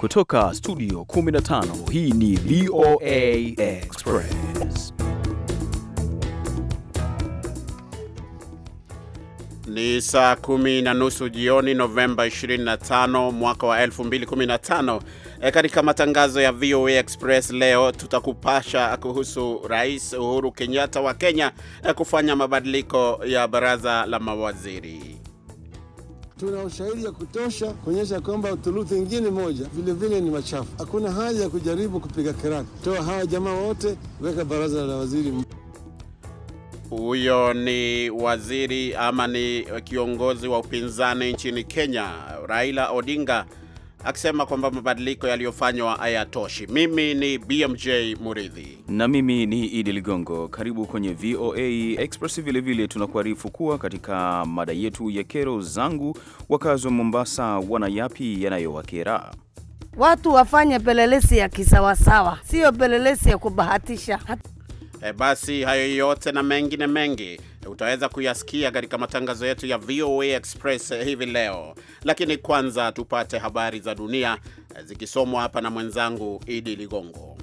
Kutoka studio 15 hii ni VOA Express. Ni saa kumi na nusu jioni Novemba 25 mwaka wa 2015. E, katika matangazo ya VOA Express leo tutakupasha kuhusu Rais Uhuru Kenyatta wa Kenya e, kufanya mabadiliko ya baraza la mawaziri Tuna ushahidi ya kutosha kuonyesha kwamba thuluthi ingine moja vilevile ni machafu. Hakuna haja ya kujaribu kupiga kiraka, toa hawa jamaa wote, weka baraza la waziri. Huyo ni waziri ama ni kiongozi wa upinzani nchini Kenya, Raila Odinga akisema kwamba mabadiliko yaliyofanywa hayatoshi. Mimi ni BMJ Muridhi na mimi ni Idi Ligongo. Karibu kwenye VOA Express. Vilevile tunakuarifu kuwa katika mada yetu ya kero zangu, wakazi wa Mombasa wana yapi yanayowakera? Watu wafanye pelelesi ya kisawasawa, siyo pelelesi ya kubahatisha. E, basi hayo yote na mengine mengi utaweza kuyasikia katika matangazo yetu ya VOA Express hivi leo, lakini kwanza tupate habari za dunia eh, zikisomwa hapa na mwenzangu Idi Ligongo.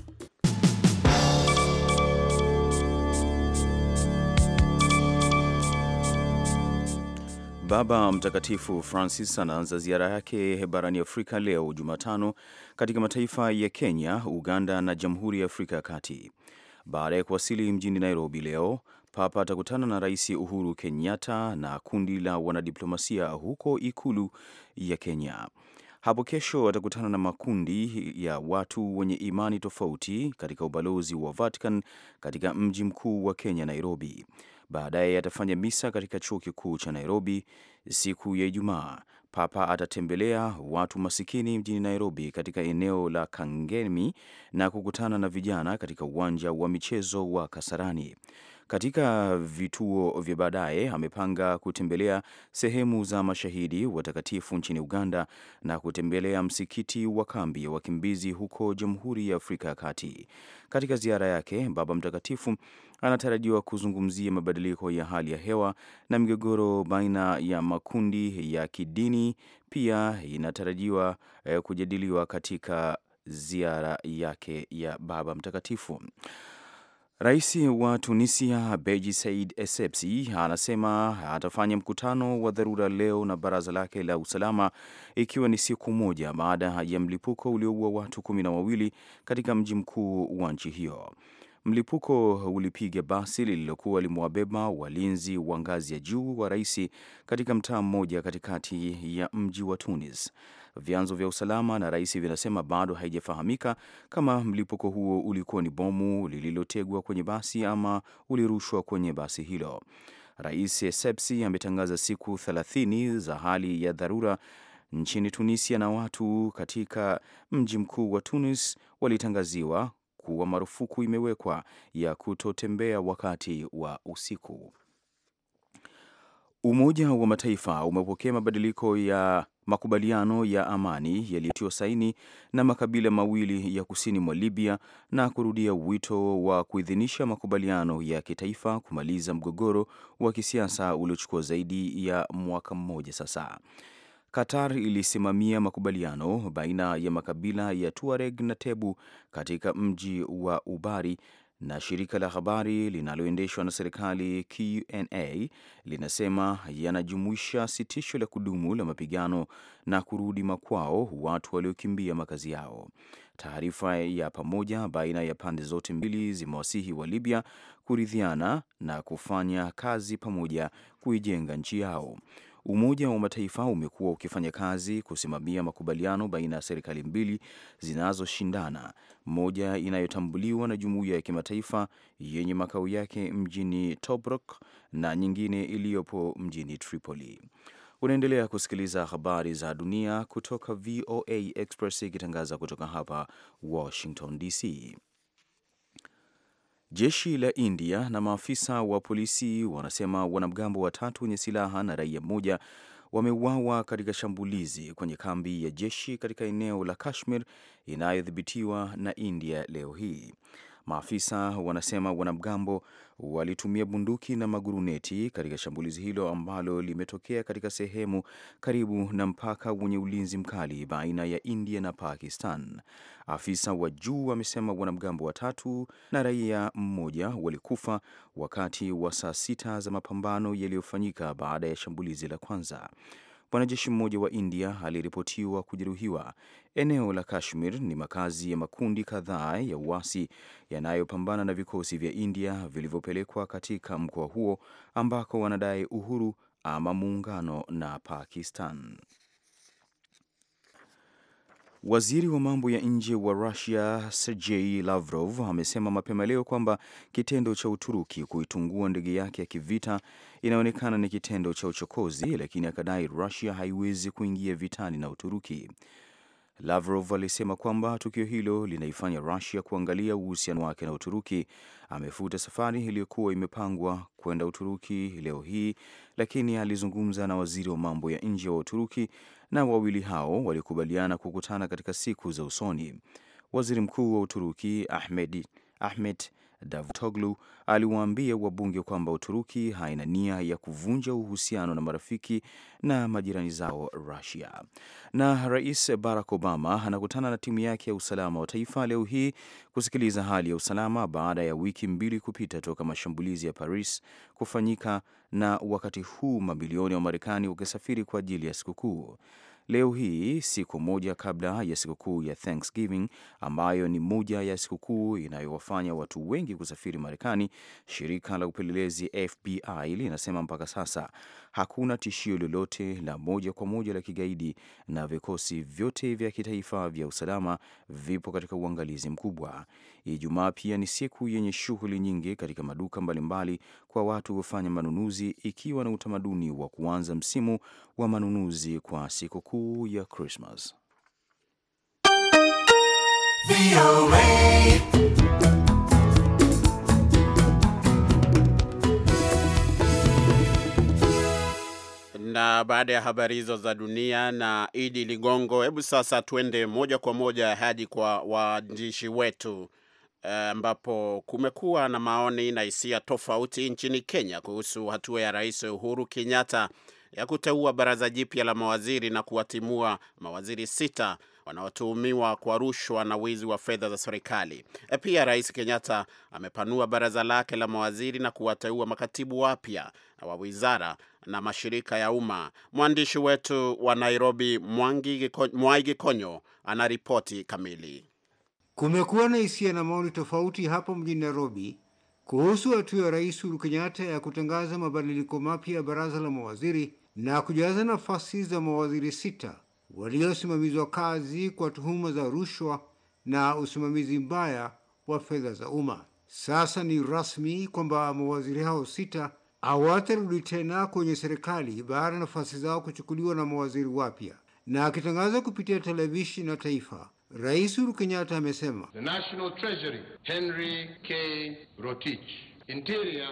Baba Mtakatifu Francis anaanza ziara yake barani Afrika leo Jumatano katika mataifa ya Kenya, Uganda na Jamhuri ya Afrika ya Kati. Baada ya kuwasili mjini Nairobi leo, Papa atakutana na Rais Uhuru Kenyatta na kundi la wanadiplomasia huko ikulu ya Kenya. Hapo kesho atakutana na makundi ya watu wenye imani tofauti katika ubalozi wa Vatican katika mji mkuu wa Kenya, Nairobi. Baadaye atafanya misa katika chuo kikuu cha Nairobi siku ya Ijumaa. Papa atatembelea watu masikini mjini Nairobi katika eneo la Kangemi na kukutana na vijana katika uwanja wa michezo wa Kasarani. Katika vituo vya baadaye, amepanga kutembelea sehemu za mashahidi watakatifu nchini Uganda na kutembelea msikiti wa kambi ya wakimbizi huko Jamhuri ya Afrika ya Kati. Katika ziara yake, Baba Mtakatifu anatarajiwa kuzungumzia mabadiliko ya hali ya hewa na migogoro baina ya makundi ya kidini. Pia inatarajiwa eh, kujadiliwa katika ziara yake ya Baba Mtakatifu. Rais wa Tunisia Beji Said Essebsi anasema atafanya mkutano wa dharura leo na baraza lake la usalama ikiwa ni siku moja baada ya mlipuko ulioua watu kumi na wawili katika mji mkuu wa nchi hiyo. Mlipuko ulipiga basi lililokuwa limewabeba walinzi wa ngazi ya juu wa rais katika mtaa mmoja katikati ya mji wa Tunis. Vyanzo vya usalama na rais vinasema bado haijafahamika kama mlipuko huo ulikuwa ni bomu lililotegwa kwenye basi ama ulirushwa kwenye basi hilo. Rais Sepsi ametangaza siku 30 za hali ya dharura nchini Tunisia na watu katika mji mkuu wa Tunis walitangaziwa kuwa marufuku imewekwa ya kutotembea wakati wa usiku. Umoja wa Mataifa umepokea mabadiliko ya makubaliano ya amani yaliyotiwa saini na makabila mawili ya kusini mwa Libya na kurudia wito wa kuidhinisha makubaliano ya kitaifa kumaliza mgogoro wa kisiasa uliochukua zaidi ya mwaka mmoja sasa. Qatar ilisimamia makubaliano baina ya makabila ya Tuareg na Tebu katika mji wa Ubari na shirika la habari linaloendeshwa na serikali QNA linasema yanajumuisha sitisho la kudumu la mapigano na kurudi makwao watu waliokimbia makazi yao. Taarifa ya pamoja baina ya pande zote mbili zimewasihi wa Libya kuridhiana na kufanya kazi pamoja kuijenga nchi yao. Umoja wa Mataifa umekuwa ukifanya kazi kusimamia makubaliano baina ya serikali mbili zinazoshindana, moja inayotambuliwa na jumuiya ya kimataifa yenye makao yake mjini Tobruk na nyingine iliyopo mjini Tripoli. Unaendelea kusikiliza habari za dunia kutoka VOA Express ikitangaza kutoka hapa Washington DC. Jeshi la India na maafisa wa polisi wanasema wanamgambo watatu wenye silaha na raia mmoja wameuawa katika shambulizi kwenye kambi ya jeshi katika eneo la Kashmir inayodhibitiwa na India leo hii. Maafisa wanasema wanamgambo walitumia bunduki na maguruneti katika shambulizi hilo ambalo limetokea katika sehemu karibu na mpaka wenye ulinzi mkali baina ya India na Pakistan. Afisa wa juu amesema wanamgambo watatu na raia mmoja walikufa wakati wa saa sita za mapambano yaliyofanyika baada ya shambulizi la kwanza. Mwanajeshi mmoja wa India aliripotiwa kujeruhiwa. Eneo la Kashmir ni makazi ya makundi kadhaa ya uasi yanayopambana na vikosi vya India vilivyopelekwa katika mkoa huo ambako wanadai uhuru ama muungano na Pakistan. Waziri wa mambo ya nje wa Russia Sergei Lavrov amesema mapema leo kwamba kitendo cha Uturuki kuitungua ndege yake ya kivita inaonekana ni kitendo cha uchokozi, lakini akadai rusia haiwezi kuingia vitani na Uturuki. Lavrov alisema kwamba tukio hilo linaifanya Rusia kuangalia uhusiano wake na Uturuki. Amefuta safari iliyokuwa imepangwa kwenda Uturuki leo hii, lakini alizungumza na waziri wa mambo ya nje wa Uturuki na wawili hao walikubaliana kukutana katika siku za usoni. Waziri Mkuu wa Uturuki Ahmed, Ahmed Davutoglu aliwaambia wabunge kwamba Uturuki haina nia ya kuvunja uhusiano na marafiki na majirani zao Russia. Na Rais Barack Obama anakutana na timu yake ya usalama wa taifa leo hii kusikiliza hali ya usalama baada ya wiki mbili kupita toka mashambulizi ya Paris kufanyika, na wakati huu mabilioni ya marekani wakisafiri kwa ajili ya sikukuu. Leo hii siku moja kabla ya sikukuu ya Thanksgiving ambayo ni moja ya sikukuu inayowafanya watu wengi kusafiri Marekani, shirika la upelelezi FBI linasema mpaka sasa hakuna tishio lolote la moja kwa moja la kigaidi na vikosi vyote vya kitaifa vya usalama vipo katika uangalizi mkubwa. Ijumaa pia ni siku yenye shughuli nyingi katika maduka mbalimbali kwa watu kufanya manunuzi, ikiwa na utamaduni wa kuanza msimu wa manunuzi kwa sikukuu ya Krismas. Na baada ya habari hizo za dunia na Idi Ligongo, hebu sasa tuende moja kwa moja hadi kwa waandishi wetu. Eh, ambapo kumekuwa na maoni na hisia tofauti nchini Kenya kuhusu hatua ya Rais Uhuru Kenyatta ya kuteua baraza jipya la mawaziri na kuwatimua mawaziri sita wanaotuhumiwa kwa rushwa na wizi wa fedha za serikali. Eh, pia Rais Kenyatta amepanua baraza lake la mawaziri na kuwateua makatibu wapya wa wizara na mashirika ya umma. Mwandishi wetu wa Nairobi Mwangi Gikonyo anaripoti kamili. Kumekuwa na hisia na maoni tofauti hapa mjini Nairobi kuhusu hatua ya Rais Uhuru Kenyatta ya kutangaza mabadiliko mapya ya baraza la mawaziri na kujaza nafasi za mawaziri sita waliosimamizwa kazi kwa tuhuma za rushwa na usimamizi mbaya wa fedha za umma. Sasa ni rasmi kwamba mawaziri hao sita hawatarudi tena kwenye serikali baada ya nafasi zao kuchukuliwa na mawaziri wapya. Na akitangaza kupitia televisheni na taifa, Rais Uhuru Kenyatta amesema The National Treasury Henry K. Rotich, Interior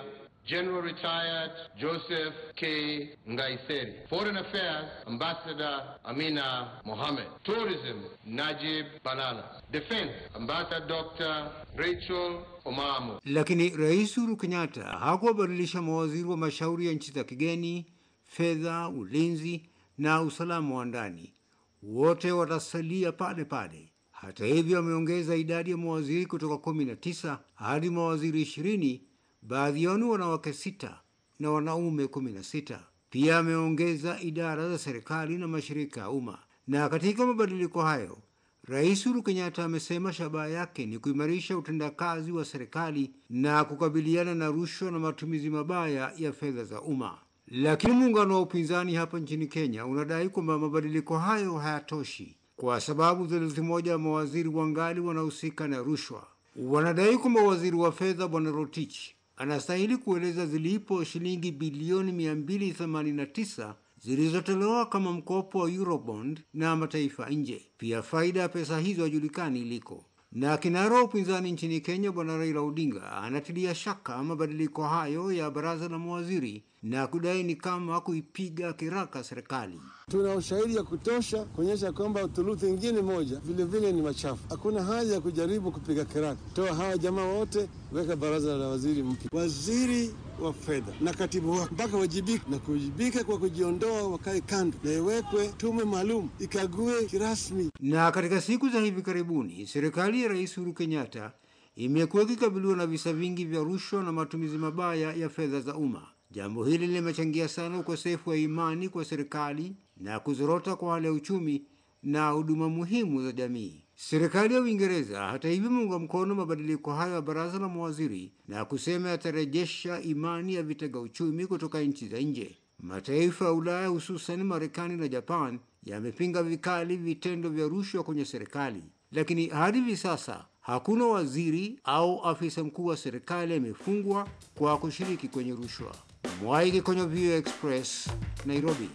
General Retired Joseph K. Ngaiseri, Foreign Affairs Ambassador Amina Mohamed, Tourism Najib Balala, Defense Ambassador Dr. Rachel Omamo. Lakini Rais Uhuru Kenyatta hakuwabadilisha mawaziri wa mashauri ya nchi za kigeni, fedha, ulinzi na usalama wa ndani wote watasalia pale pale. Hata hivyo, ameongeza idadi ya mawaziri kutoka kumi na tisa hadi mawaziri ishirini, baadhi yao ni wanawake sita na wanaume kumi na sita. Pia ameongeza idara za serikali na mashirika ya umma. Na katika mabadiliko hayo, Rais Uhuru Kenyatta amesema shabaha yake ni kuimarisha utendakazi wa serikali na kukabiliana na rushwa na matumizi mabaya ya fedha za umma. Lakini muungano wa upinzani hapa nchini Kenya unadai kwamba mabadiliko hayo hayatoshi kwa sababu theluthi moja mawaziri wangali wanahusika na rushwa. Wanadai kwamba waziri wa fedha Bwana Rotich anastahili kueleza zilipo shilingi bilioni 289 zilizotolewa kama mkopo wa Eurobond na mataifa nje. Pia faida ya pesa hizo hajulikani iliko. Na kinara wa upinzani nchini Kenya Bwana Raila Odinga anatilia shaka mabadiliko hayo ya baraza la mawaziri na kudai ni kama kuipiga kiraka serikali. Tuna ushahidi ya kutosha kuonyesha kwamba thuluthi ingine moja vilevile vile ni machafu. Hakuna haja ya kujaribu kupiga kiraka. Toa hawa jamaa wote, weka baraza la waziri mpya, waziri wa fedha na katibu wake, mpaka wajibike na kuwajibika kwa kujiondoa, wakae kando na iwekwe tume maalum ikague kirasmi. Na katika siku za hivi karibuni, serikali ya Rais Uhuru Kenyatta imekuwa ikikabiliwa na visa vingi vya rushwa na matumizi mabaya ya fedha za umma. Jambo hili limechangia sana ukosefu wa imani kwa serikali na kuzorota kwa hali ya uchumi na huduma muhimu za jamii. Serikali ya Uingereza hata hivyo imeunga mkono mabadiliko hayo ya baraza la mawaziri na kusema yatarejesha imani ya vitega uchumi kutoka nchi za nje. Mataifa ya Ulaya hususan Marekani na Japan yamepinga vikali vitendo vya rushwa kwenye serikali, lakini hadi hivi sasa hakuna waziri au afisa mkuu wa serikali amefungwa kwa kushiriki kwenye rushwa. Mwaige kwenye VOA Express Nairobi.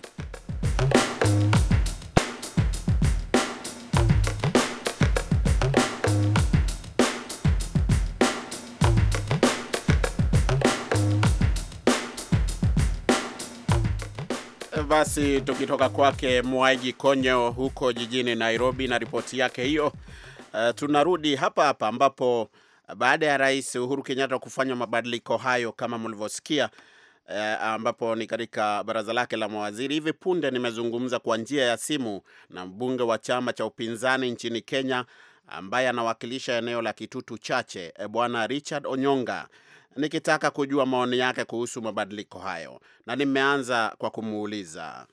Basi tukitoka kwake Mwaigi Konyo huko jijini Nairobi na ripoti yake hiyo, uh, tunarudi hapa hapa ambapo baada ya Rais Uhuru Kenyatta kufanya mabadiliko hayo kama mlivyosikia, eh, ambapo ni katika baraza lake la mawaziri. Hivi punde nimezungumza kwa njia ya simu na mbunge wa chama cha upinzani nchini Kenya ambaye anawakilisha eneo la Kitutu Chache, eh, bwana Richard Onyonga, nikitaka kujua maoni yake kuhusu mabadiliko hayo, na nimeanza kwa kumuuliza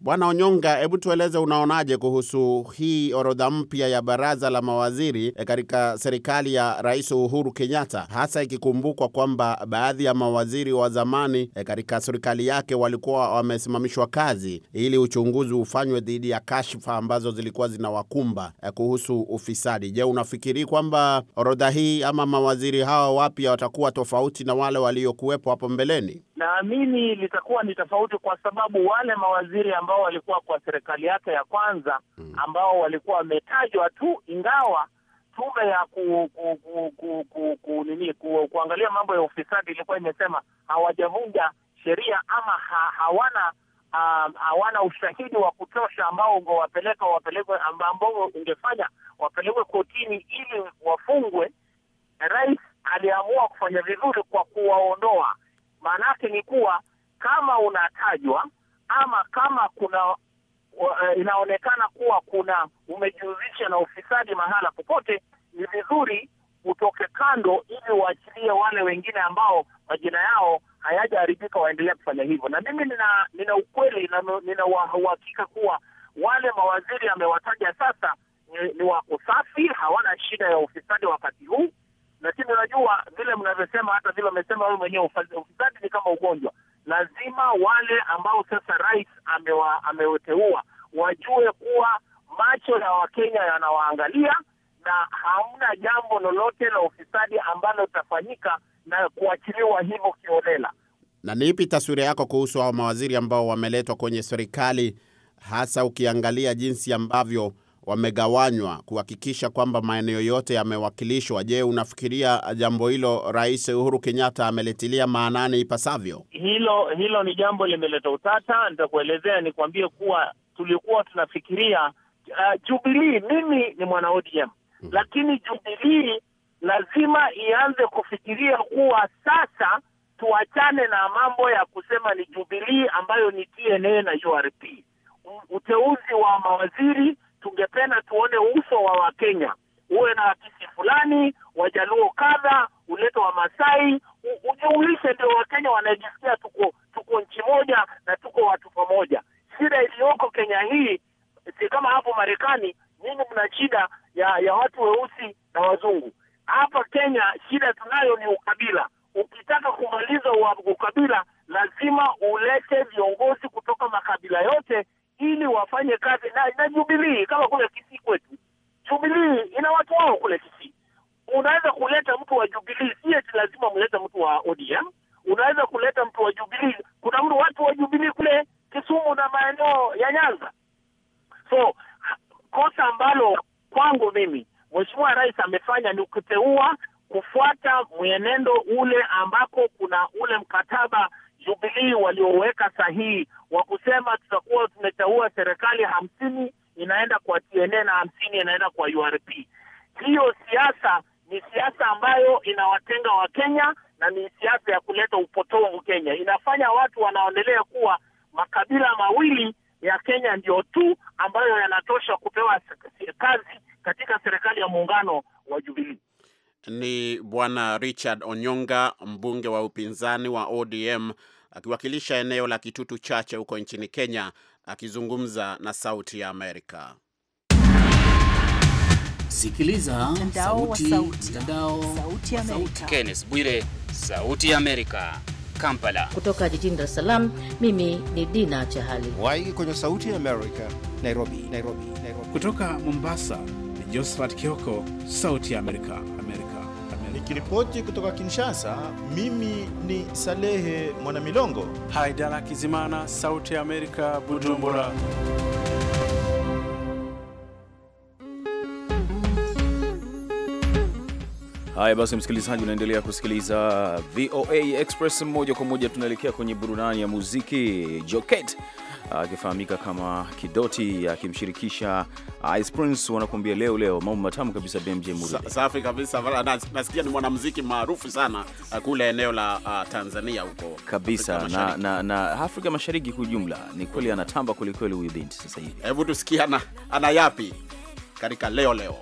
Bwana Onyonga, hebu tueleze unaonaje kuhusu hii orodha mpya ya baraza la mawaziri eh, katika serikali ya Rais Uhuru Kenyatta, hasa ikikumbukwa kwamba baadhi ya mawaziri wa zamani eh, katika serikali yake walikuwa wamesimamishwa kazi ili uchunguzi ufanywe dhidi ya kashfa ambazo zilikuwa zinawakumba eh, kuhusu ufisadi. Je, unafikiri kwamba orodha hii ama mawaziri hawa wapya watakuwa tofauti na wale waliokuwepo hapo mbeleni? naamini litakuwa ni tofauti, kwa sababu wale mawaziri ambao walikuwa kwa serikali yake ya kwanza hmm. ambao walikuwa wametajwa tu, ingawa tume ya ku, ku, ku, ku, ku, ku, nini ku, kuangalia mambo ya ufisadi ilikuwa imesema hawajavunja sheria ama ha, hawana um, hawana ushahidi wa kutosha ambao ungewapeleka wapelekwe ambao ungefanya wapelekwe kotini ili wafungwe, rais aliamua kufanya vizuri kwa kuwaondoa yake ni kuwa kama unatajwa ama kama kuna uh, inaonekana kuwa kuna umejihusisha na ufisadi mahala popote, ni vizuri utoke kando ili uachilie wale wengine ambao majina yao hayajaharibika waendelea kufanya hivyo. Na mimi nina, nina ukweli na nina uhakika kuwa wale mawaziri amewataja sasa ni, ni wako safi, hawana shida ya ufisadi wakati huu lakini unajua vile mnavyosema, hata vile amesema wewe mwenyewe, ufisadi ni kama ugonjwa. Lazima wale ambao sasa rais amewa, ameweteua wajue kuwa macho ya Wakenya yanawaangalia na hamna jambo lolote la ufisadi ambalo litafanyika na kuachiliwa hivyo kiolela. Na ni ipi taswira yako kuhusu hao mawaziri ambao wameletwa kwenye serikali, hasa ukiangalia jinsi ambavyo wamegawanywa kuhakikisha kwamba maeneo yote yamewakilishwa. Je, unafikiria jambo hilo Rais Uhuru Kenyatta amelitilia maanani ipasavyo? Hilo hilo ni jambo limeleta utata. Nitakuelezea, nikuambie kuwa tulikuwa tunafikiria uh, Jubilii. Mimi ni mwana ODM hmm, lakini jubilii lazima ianze kufikiria kuwa sasa tuachane na mambo ya kusema ni jubilii ambayo ni TNA na URP, uteuzi wa mawaziri tungependa tuone uso wa Wakenya uwe na akisi fulani, Wajaluo kadha, uleto wa Masai ujiulishe, ndio Wakenya wanajisikia tuko, tuko nchi moja na tuko watu pamoja. Shida iliyoko Kenya hii si kama hapo Marekani, nyinyi mna shida ya, ya watu weusi na wazungu. Hapa Kenya shida tunayo ni ukabila. Ukitaka kumaliza ukabila, lazima ulete viongozi kutoka makabila yote ili wafanye kazi na, na Jubilii kama kule Kisii kwetu. Jubilii ina watu wao kule Kisii. Unaweza kuleta mtu wa Jubilii, si eti lazima mlete mtu wa ODM. Unaweza kuleta mtu wa Jubilii. Kuna mtu watu wa Jubilii kule Kisumu na maeneo ya Nyanza. So kosa ambalo kwangu mimi Mheshimiwa Rais amefanya ni kuteua kufuata mwenendo ule ambako kuna ule mkataba Jubilii walioweka sahihi wa kusema tutakuwa tumeteua serikali hamsini inaenda kwa TNA na hamsini inaenda kwa URP. Hiyo siasa ni siasa ambayo inawatenga Wakenya na ni siasa ya kuleta upotovu Kenya. Inafanya watu wanaonelea kuwa makabila mawili ya Kenya ndio tu ambayo yanatosha kupewa kazi katika serikali ya muungano wa Jubilii. Ni Bwana Richard Onyonga, mbunge wa upinzani wa ODM akiwakilisha eneo la Kitutu Chache huko nchini Kenya, akizungumza na Sauti ya Amerika. Sikiliza sauti, sauti. Kenneth Bwire, Sauti ya Amerika, Kampala. Kutoka jijini Dar es Salaam, mimi ni Dina Chahali Waigi kwenye Sauti ya Amerika, Nairobi, Nairobi, Nairobi. Kutoka Mombasa ni Josephat Kioko, Sauti ya Amerika. Nikiripoti kutoka Kinshasa, mimi ni Salehe Mwanamilongo. Haidara Kizimana, Sauti ya Amerika, Bujumbura. Haya basi, msikilizaji, unaendelea kusikiliza VOA Express moja kwa moja. Tunaelekea kwenye burudani ya muziki. Joket akifahamika kama Kidoti akimshirikisha Ice Prince wanakuambia leo leo, mambo matamu kabisa. BMJ Muridi, safi kabisa. Nasikia ni mwanamuziki maarufu sana uh, kule eneo la uh, Tanzania huko kabisa na, na, na Afrika Mashariki kwa ujumla. Ni kweli anatamba kwelikweli huyu binti sasa hivi. Hebu tusikie ana, ana yapi katika leo leo.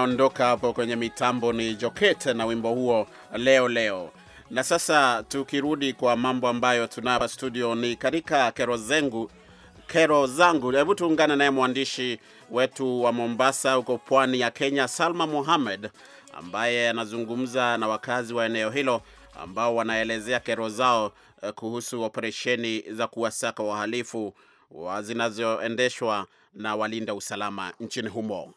anaondoka hapo kwenye mitambo ni jokete na wimbo huo leo leo. Na sasa tukirudi kwa mambo ambayo tunapa studio ni katika kero zangu, kero zangu. Hebu tuungane naye mwandishi wetu wa Mombasa huko pwani ya Kenya, Salma Mohamed, ambaye anazungumza na wakazi wa eneo hilo ambao wanaelezea kero zao eh, kuhusu operesheni za kuwasaka wahalifu wa zinazoendeshwa na walinda usalama nchini humo.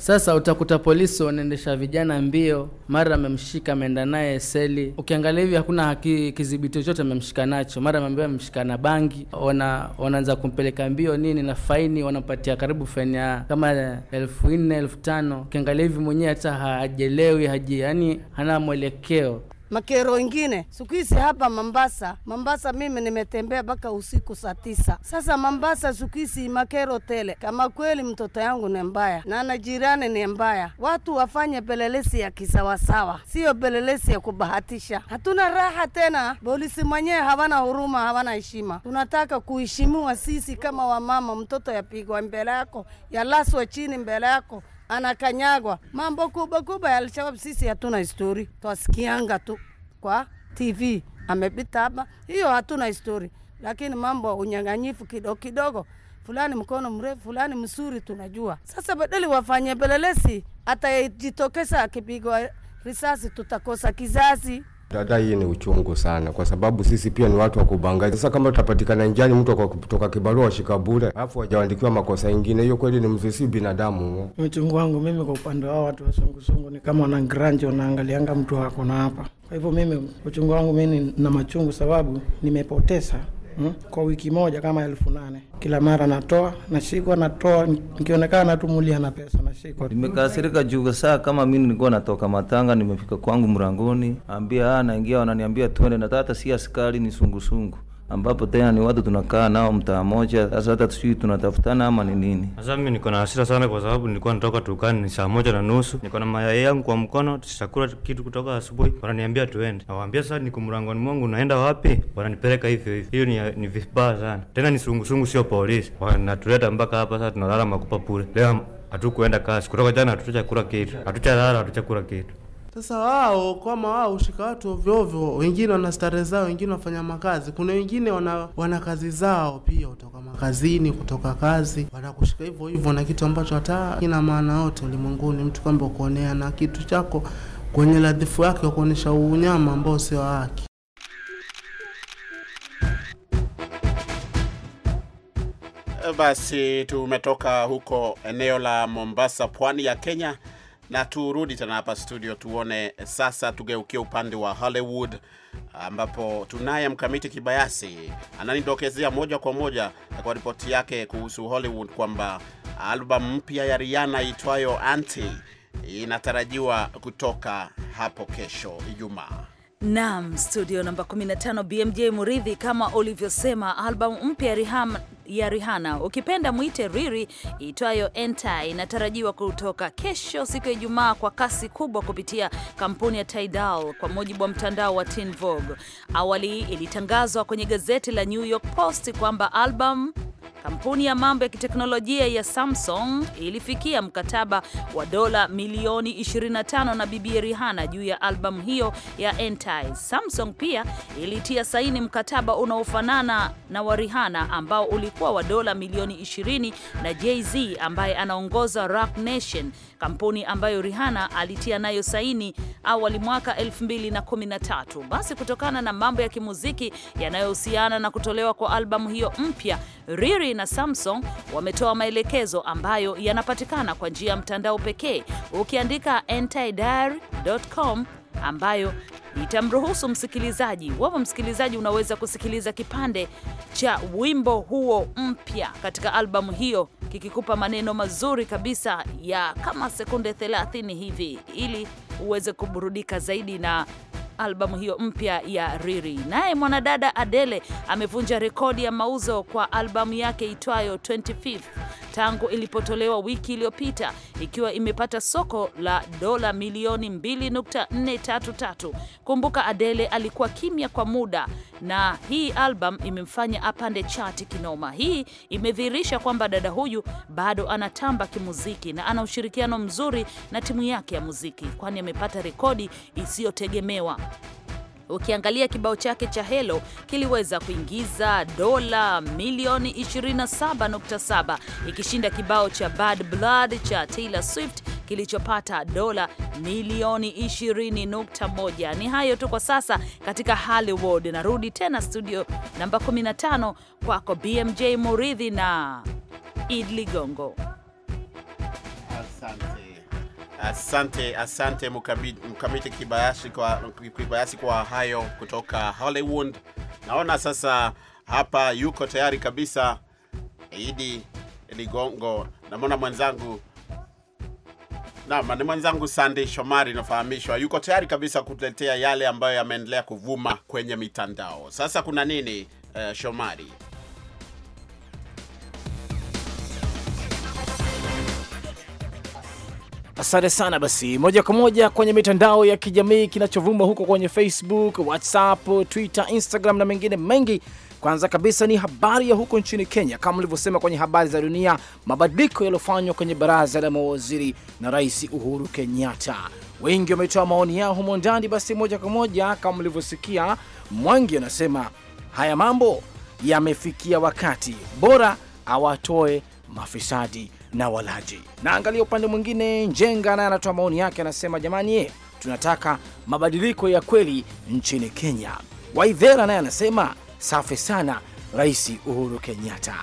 Sasa utakuta polisi wanaendesha vijana mbio, mara amemshika ameenda naye seli. Ukiangalia hivi hakuna haki kidhibiti chochote amemshika nacho, mara ameambiwa amemshika na bangi, wana wanaanza kumpeleka mbio nini na faini, wanapatia karibu faini ya kama elfu nne elfu tano. Ukiangalia hivi mwenyewe hata hajelewi haji, yani hana mwelekeo makero wengine. Siku hizi hapa Mambasa, Mambasa mimi nimetembea mpaka usiku saa tisa. Sasa Mambasa siku hizi makero tele. Kama kweli mtoto yangu ni mbaya na na jirani ni mbaya, watu wafanye pelelesi ya kisawasawa, siyo pelelesi ya kubahatisha. Hatuna raha tena, polisi mwenyewe hawana huruma, hawana heshima. Tunataka kuheshimiwa sisi kama wamama. Mtoto yapigwa mbele yako, yalaswa chini mbele yako anakanyagwa. Mambo kubwa kubwa ya Alshabab sisi hatuna histori, twasikianga tu kwa TV amepita hapa, hiyo hatuna histori, lakini mambo unyang'anyifu kidogo kidogo fulani mkono mrefu fulani msuri tunajua. Sasa badali wafanye pelelesi, atajitokesa akipigwa risasi tutakosa kizazi. Dada, hii ni uchungu sana, kwa sababu sisi pia ni watu wa kubangaza. Sasa kama tutapatikana njiani mtu kutoka kibarua washika bure, alafu wajaandikiwa makosa ingine, hiyo kweli ni mzisi binadamu. Uchungu wangu mimi kwa upande wao watu wasungusungu ni kama wana granje, wanaangalianga mtu wako na hapa. Kwa hivyo mimi uchungu wangu mimi na machungu, sababu nimepoteza Hmm? kwa wiki moja kama elfu nane kila mara natoa nashikwa, natoa nikionekana natumulia na pesa nashikwa. Nimekasirika juu saa kama mimi nilikuwa natoka Matanga, nimefika kwangu Mrangoni, ambia ah, naingia, wananiambia twende, na tata si askari ni sungusungu ambapo tena ni watu tunakaa nao mtaa moja, sasa hata tusijui tunatafutana ama ni nini. Sasa mimi niko na hasira sana, kwa sababu nilikuwa natoka Turkana ni saa moja na nusu, niko na mayai yangu kwa mkono, tusichakula kitu kutoka asubuhi, wananiambia tuende. Nawaambia sasa, niko mlangoni mwangu, naenda wapi? Wananipeleka hivyo hivyo. Hiyo ni, ni vibaya sana, tena ni sungusungu, sio polisi. Wanatuleta mpaka hapa, sasa tunalala makupa pule Leo hatukuenda kasi kutoka jana, hatuchakula kitu, hatuchalala, hatuchakula kitu. Sasa wao kama wao ushika watu ovyo ovyo, wengine wana starehe zao, wengine wafanya makazi. Kuna wengine wana, wana kazi zao pia, kutoka makazini, kutoka kazi, wanakushika hivyo hivyo, na kitu ambacho hata kina maana yote ulimwenguni, mtu kwamba ukuonea na kitu chako kwenye ladhifu yake, wakuonyesha unyama ambao sio wake. Basi tumetoka huko eneo la Mombasa, pwani ya Kenya na turudi tena hapa studio tuone sasa, tugeukie upande wa Hollywood ambapo tunaye mkamiti Kibayasi ananidokezea moja kwa moja kwa ripoti yake kuhusu Hollywood kwamba albamu mpya ya Rihanna itwayo Anti inatarajiwa kutoka hapo kesho Ijumaa. Naam, studio namba 15 BMJ Muridhi, kama ulivyosema albamu mpya ya Rihanna ya Rihanna, ukipenda mwite Riri, itwayo Entai inatarajiwa kutoka kesho siku ya Ijumaa kwa kasi kubwa kupitia kampuni ya Tidal kwa mujibu wa mtandao wa Teen Vogue. Awali ilitangazwa kwenye gazeti la New York Post kwamba album Kampuni ya mambo ya kiteknolojia ya Samsung ilifikia mkataba wa dola milioni 25 na Bibi Rihanna juu ya albamu hiyo ya Entice. Samsung pia ilitia saini mkataba unaofanana na wa Rihanna ambao ulikuwa wa dola milioni 20 na Jay-Z ambaye anaongoza Roc Nation, kampuni ambayo Rihanna alitia nayo saini awali mwaka 2013. Basi kutokana na mambo ya kimuziki yanayohusiana na kutolewa kwa albamu hiyo mpya, Riri na Samsung wametoa maelekezo ambayo yanapatikana kwa njia ya mtandao pekee ukiandika antidiary.com ambayo itamruhusu msikilizaji. Wapo msikilizaji, unaweza kusikiliza kipande cha wimbo huo mpya katika albamu hiyo kikikupa maneno mazuri kabisa ya kama sekunde 30 hivi, ili uweze kuburudika zaidi na albamu hiyo mpya ya Riri. Naye mwanadada Adele amevunja rekodi ya mauzo kwa albamu yake itwayo 25 tangu ilipotolewa wiki iliyopita ikiwa imepata soko la dola milioni 2.433. Kumbuka Adele alikuwa kimya kwa muda, na hii album imemfanya apande chati kinoma. Hii imedhihirisha kwamba dada huyu bado anatamba kimuziki na ana ushirikiano mzuri na timu yake ya muziki, kwani amepata rekodi isiyotegemewa Ukiangalia kibao chake cha Hello kiliweza kuingiza dola milioni 27.7 ikishinda kibao cha Bad Blood cha Taylor Swift kilichopata dola milioni 20.1. Ni hayo tu kwa sasa katika Hollywood. Narudi tena studio namba 15 kwako BMJ Muridhi na Id Ligongo. Asante. Asante, asante Mkamiti Kibayasi kwa, Kibayasi kwa hayo kutoka Hollywood. Naona sasa hapa yuko tayari kabisa Idi Ligongo, namona mwenzangu Naam, ni mwenzangu sandey Shomari nafahamishwa yuko tayari kabisa kutetea yale ambayo yameendelea kuvuma kwenye mitandao. Sasa kuna nini, uh, Shomari? Asante sana. Basi moja kwa moja kwenye mitandao ya kijamii, kinachovuma huko kwenye Facebook, WhatsApp, Twitter, Instagram na mengine mengi. Kwanza kabisa ni habari ya huko nchini Kenya. Kama ulivyosema kwenye habari za dunia, mabadiliko yaliyofanywa kwenye baraza la mawaziri na Rais Uhuru Kenyatta, wengi wametoa maoni yao humo ndani. Basi moja kwa moja kama ulivyosikia, Mwangi anasema haya mambo yamefikia wakati bora awatoe mafisadi na walaji. Na angalia upande mwingine, Njenga naye anatoa maoni yake, anasema jamani, ye tunataka mabadiliko ya kweli nchini Kenya. Waidhera naye anasema safi sana Rais Uhuru Kenyatta.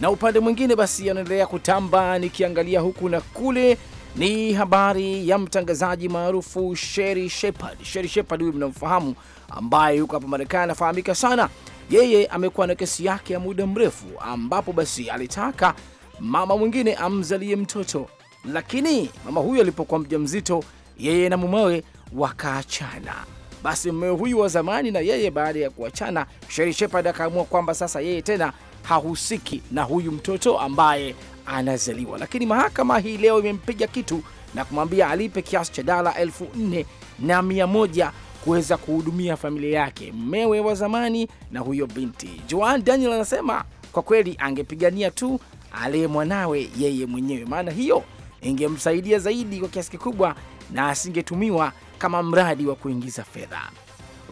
Na upande mwingine basi, anaendelea kutamba, nikiangalia huku na kule ni habari ya mtangazaji maarufu Sheri Shepard. Sheri Shepard huyu mnamfahamu, ambaye yuko hapa Marekani, anafahamika sana. Yeye amekuwa na kesi yake ya muda mrefu, ambapo basi alitaka mama mwingine amzalie mtoto, lakini mama huyo alipokuwa mjamzito, yeye na mumewe wakaachana. Basi mmewe huyu wa zamani na yeye, baada ya kuachana, Sherry Shepard akaamua kwamba sasa yeye tena hahusiki na huyu mtoto ambaye anazaliwa, lakini mahakama hii leo imempiga kitu na kumwambia alipe kiasi cha dala elfu nne na mia moja kuweza kuhudumia familia yake, mmewe wa zamani na huyo binti. Joan Daniel anasema kwa kweli angepigania tu aliye mwanawe yeye mwenyewe, maana hiyo ingemsaidia zaidi kwa kiasi kikubwa na asingetumiwa kama mradi wa kuingiza fedha.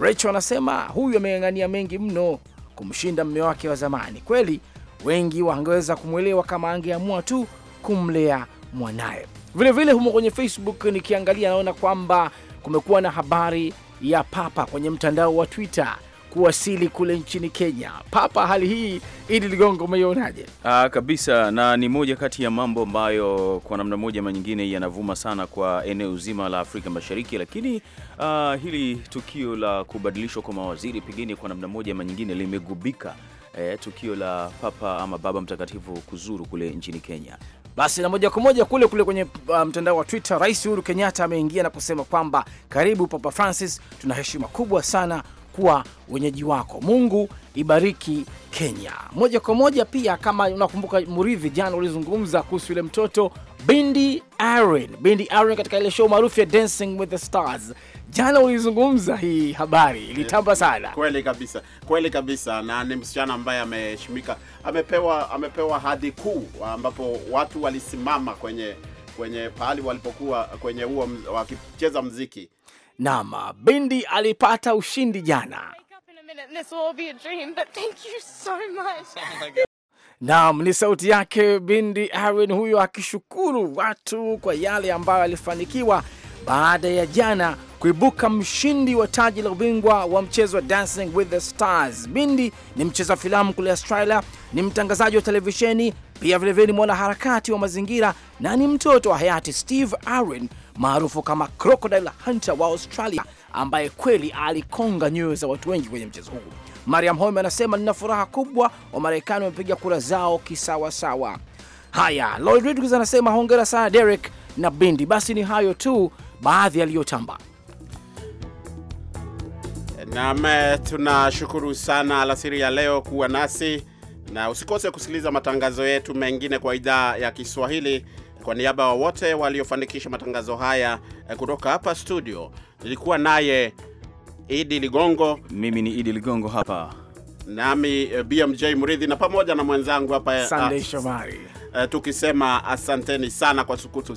Rachel anasema huyu ameng'ang'ania mengi mno kumshinda mme wake wa zamani. Kweli wengi wangeweza kumwelewa kama angeamua tu kumlea mwanaye. Vilevile humo kwenye Facebook nikiangalia, naona kwamba kumekuwa na habari ya papa kwenye mtandao wa Twitter kuwasili kule nchini Kenya. Papa, hali hii ili Ligongo, umeionaje? Ah, kabisa, na ni moja kati ya mambo ambayo kwa namna moja ama nyingine yanavuma sana kwa eneo zima la Afrika Mashariki, lakini ah, hili tukio la kubadilishwa kwa mawaziri pengine kwa namna moja ama nyingine limegubika eh, tukio la Papa ama Baba Mtakatifu kuzuru kule nchini Kenya. Basi na moja kwa moja kule kule kwenye ah, mtandao wa Twitter, Rais Uhuru Kenyatta ameingia na kusema kwamba karibu Papa Francis, tuna heshima kubwa sana kuwa wenyeji wako. Mungu ibariki Kenya. Moja kwa moja pia, kama unakumbuka Muridhi, jana ulizungumza kuhusu yule mtoto Bindi Aaron, Bindi Aaron katika ile show maarufu ya Dancing with the Stars. Jana ulizungumza hii habari, ilitamba eh, sana. Kweli kabisa, kweli kabisa, na ni msichana ambaye ameheshimika, amepewa amepewa hadhi kuu, ambapo watu walisimama kwenye kwenye pahali walipokuwa kwenye huo wakicheza mziki Naam, bendi alipata ushindi jana. Oh Naam, ni sauti yake Bindi Aaron huyo akishukuru watu kwa yale ambayo alifanikiwa baada ya jana kuibuka mshindi wa taji la ubingwa wa mchezo wa Dancing with the Stars. Bindi ni mcheza filamu kule Australia, ni mtangazaji wa televisheni, pia vilevile ni mwanaharakati wa mazingira na ni mtoto wa hayati Steve Irwin maarufu kama Crocodile Hunter wa Australia, ambaye kweli alikonga nyoyo za watu wengi kwenye mchezo huu. Mariam Holm anasema nina furaha kubwa, Wamarekani wamepiga kura zao kisawasawa. Haya, Lloyd Ridges anasema hongera sana Derek na Bindi. Basi ni hayo tu baadhi yaliyotamba. Nam, eh, tunashukuru sana alasiri ya leo kuwa nasi na usikose kusikiliza matangazo yetu mengine kwa idhaa ya Kiswahili. Kwa niaba ya wote waliofanikisha matangazo haya eh, kutoka hapa studio, nilikuwa naye Idi Ligongo. Mimi ni Idi Ligongo hapa nami eh, BMJ Mridhi na pamoja na mwenzangu hapa eh, Sunday Shomari, tukisema asanteni sana kwa sukutu